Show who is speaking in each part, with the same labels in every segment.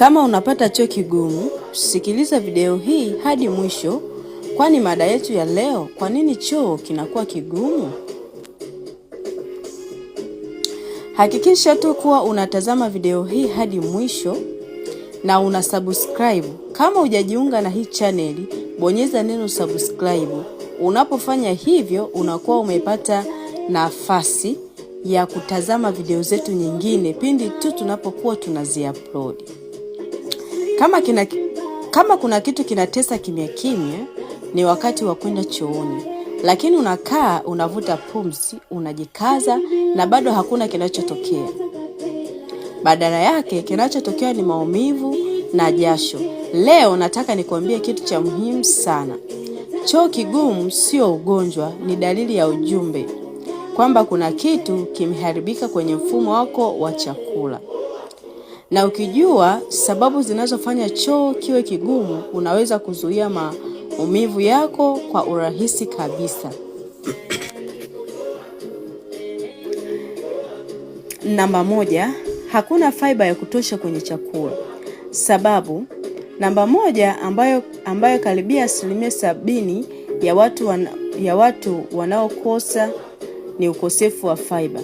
Speaker 1: Kama unapata choo kigumu, sikiliza video hii hadi mwisho, kwani mada yetu ya leo, kwa nini choo kinakuwa kigumu? Hakikisha tu kuwa unatazama video hii hadi mwisho na una subscribe. Kama hujajiunga na hii chaneli, bonyeza neno subscribe. Unapofanya hivyo, unakuwa umepata nafasi ya kutazama video zetu nyingine pindi tu tunapokuwa tunaziupload. Kama, kina, kama kuna kitu kinatesa kimya kimya ni wakati wa kwenda chooni, lakini unakaa unavuta pumzi, unajikaza na bado hakuna kinachotokea. Badala yake kinachotokea ni maumivu na jasho. Leo nataka nikuambie kitu cha muhimu sana. Choo kigumu sio ugonjwa, ni dalili ya ujumbe kwamba kuna kitu kimeharibika kwenye mfumo wako wa chakula na ukijua sababu zinazofanya choo kiwe kigumu, unaweza kuzuia maumivu yako kwa urahisi kabisa. Namba moja, hakuna fiber ya kutosha kwenye chakula. Sababu namba moja ambayo, ambayo karibia asilimia sabini ya watu, wana, ya watu wanaokosa ni ukosefu wa fiber.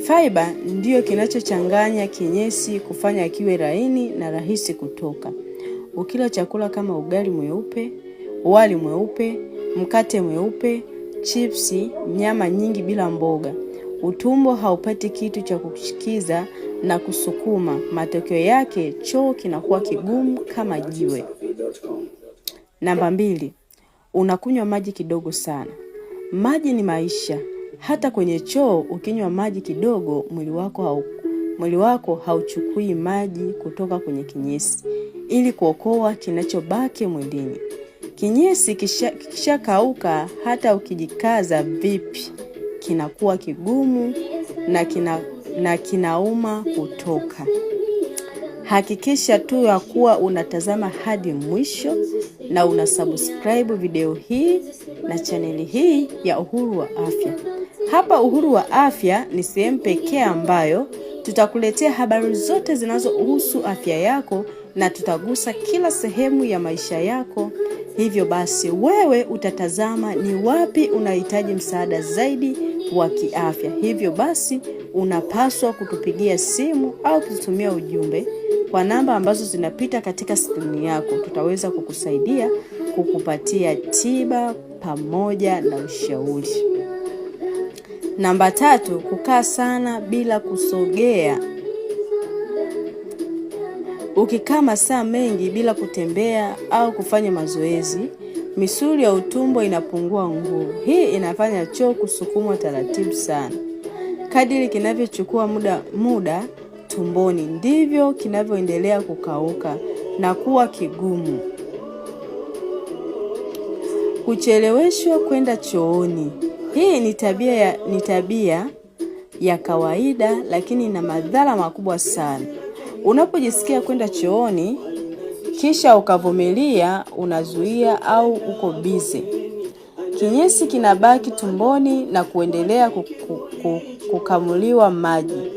Speaker 1: Fiber ndiyo kinachochanganya kinyesi kufanya kiwe laini na rahisi kutoka. Ukila chakula kama ugali mweupe, wali mweupe, mkate mweupe, chipsi, nyama nyingi bila mboga, utumbo haupati kitu cha kukushikiza na kusukuma. Matokeo yake choo kinakuwa kigumu kama jiwe. Namba mbili, unakunywa maji kidogo sana. Maji ni maisha. Hata kwenye choo ukinywa maji kidogo, mwili wako hau, mwili wako hauchukui maji kutoka kwenye kinyesi ili kuokoa kinachobaki mwilini. Kinyesi kikishakauka, kisha hata ukijikaza vipi, kinakuwa kigumu na, kina, na kinauma kutoka. Hakikisha tu ya kuwa unatazama hadi mwisho na unasubscribe video hii na chaneli hii ya Uhuru wa Afya. Hapa Uhuru wa Afya ni sehemu pekee ambayo tutakuletea habari zote zinazohusu afya yako na tutagusa kila sehemu ya maisha yako. Hivyo basi, wewe utatazama ni wapi unahitaji msaada zaidi wa kiafya. Hivyo basi, unapaswa kutupigia simu au kututumia ujumbe kwa namba ambazo zinapita katika skrini yako. Tutaweza kukusaidia kukupatia tiba pamoja na ushauri. Namba tatu, kukaa sana bila kusogea. Ukikaa masaa mengi bila kutembea au kufanya mazoezi, misuli ya utumbo inapungua nguvu. Hii inafanya choo kusukumwa taratibu sana. Kadiri kinavyochukua muda, muda tumboni ndivyo kinavyoendelea kukauka na kuwa kigumu. Kucheleweshwa kwenda chooni hii ni tabia ya, ni tabia ya kawaida lakini ina madhara makubwa sana. Unapojisikia kwenda chooni kisha ukavumilia, unazuia au uko bize, kinyesi kinabaki tumboni na kuendelea kukamuliwa maji.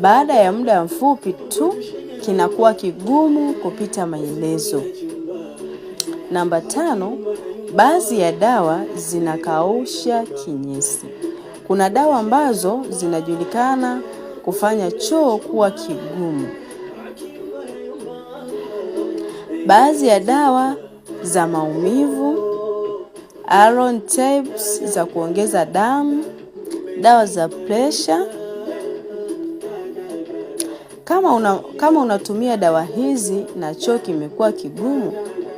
Speaker 1: Baada ya muda mfupi tu kinakuwa kigumu kupita maelezo. Namba tano. Baadhi ya dawa zinakausha kinyesi. Kuna dawa ambazo zinajulikana kufanya choo kuwa kigumu. Baadhi ya dawa za maumivu, iron tabs za kuongeza damu, dawa za pressure. Kama, una, kama unatumia dawa hizi na choo kimekuwa kigumu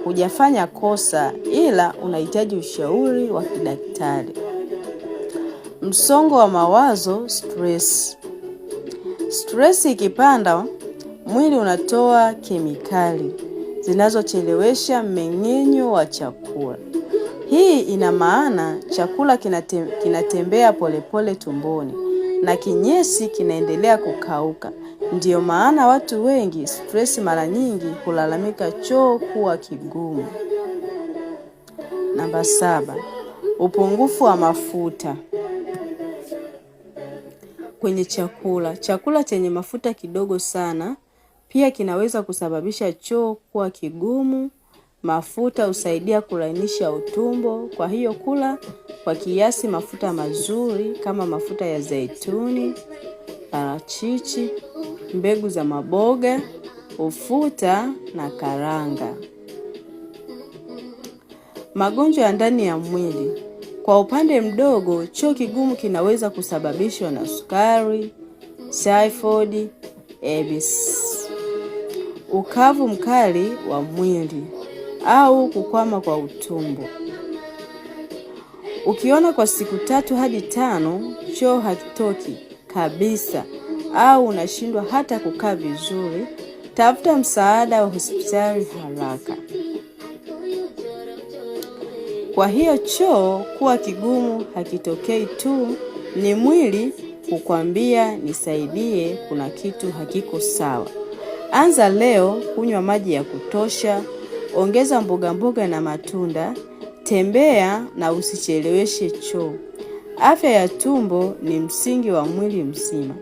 Speaker 1: hujafanya kosa, ila unahitaji ushauri wa kidaktari. Msongo wa mawazo stress. Stress ikipanda, mwili unatoa kemikali zinazochelewesha mmeng'enyo wa chakula. Hii ina maana chakula kinatembea polepole tumboni na kinyesi kinaendelea kukauka. Ndiyo maana watu wengi stress mara nyingi hulalamika choo kuwa kigumu. Namba saba, upungufu wa mafuta kwenye chakula. Chakula chenye mafuta kidogo sana pia kinaweza kusababisha choo kuwa kigumu. Mafuta husaidia kulainisha utumbo, kwa hiyo kula kwa kiasi mafuta mazuri kama mafuta ya zeituni, parachichi, mbegu za maboga, ufuta na karanga. Magonjwa ya ndani ya mwili. Kwa upande mdogo, choo kigumu kinaweza kusababishwa na sukari, typhoid, EBS, ukavu mkali wa mwili au kukwama kwa utumbo. Ukiona kwa siku tatu hadi tano choo hakitoki kabisa au unashindwa hata kukaa vizuri, tafuta msaada wa hospitali haraka. Kwa hiyo choo kuwa kigumu hakitokei tu, ni mwili kukwambia nisaidie, kuna kitu hakiko sawa. Anza leo, kunywa maji ya kutosha, ongeza mboga mboga na matunda, tembea na usicheleweshe choo. Afya ya tumbo ni msingi wa mwili mzima.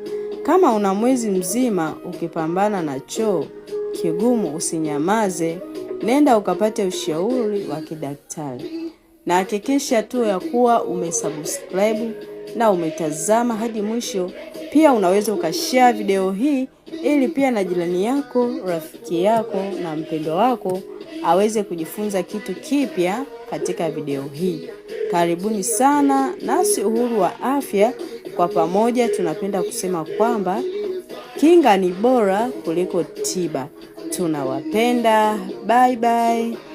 Speaker 1: Kama una mwezi mzima ukipambana na choo kigumu, usinyamaze, nenda ukapate ushauri wa kidaktari, na hakikisha tu ya kuwa umesubscribe na umetazama hadi mwisho. Pia unaweza ukashare video hii ili pia na jirani yako, rafiki yako na mpendo wako aweze kujifunza kitu kipya katika video hii. Karibuni sana nasi Uhuru wa Afya. Kwa pamoja tunapenda kusema kwamba kinga ni bora kuliko tiba. Tunawapenda. Bye bye.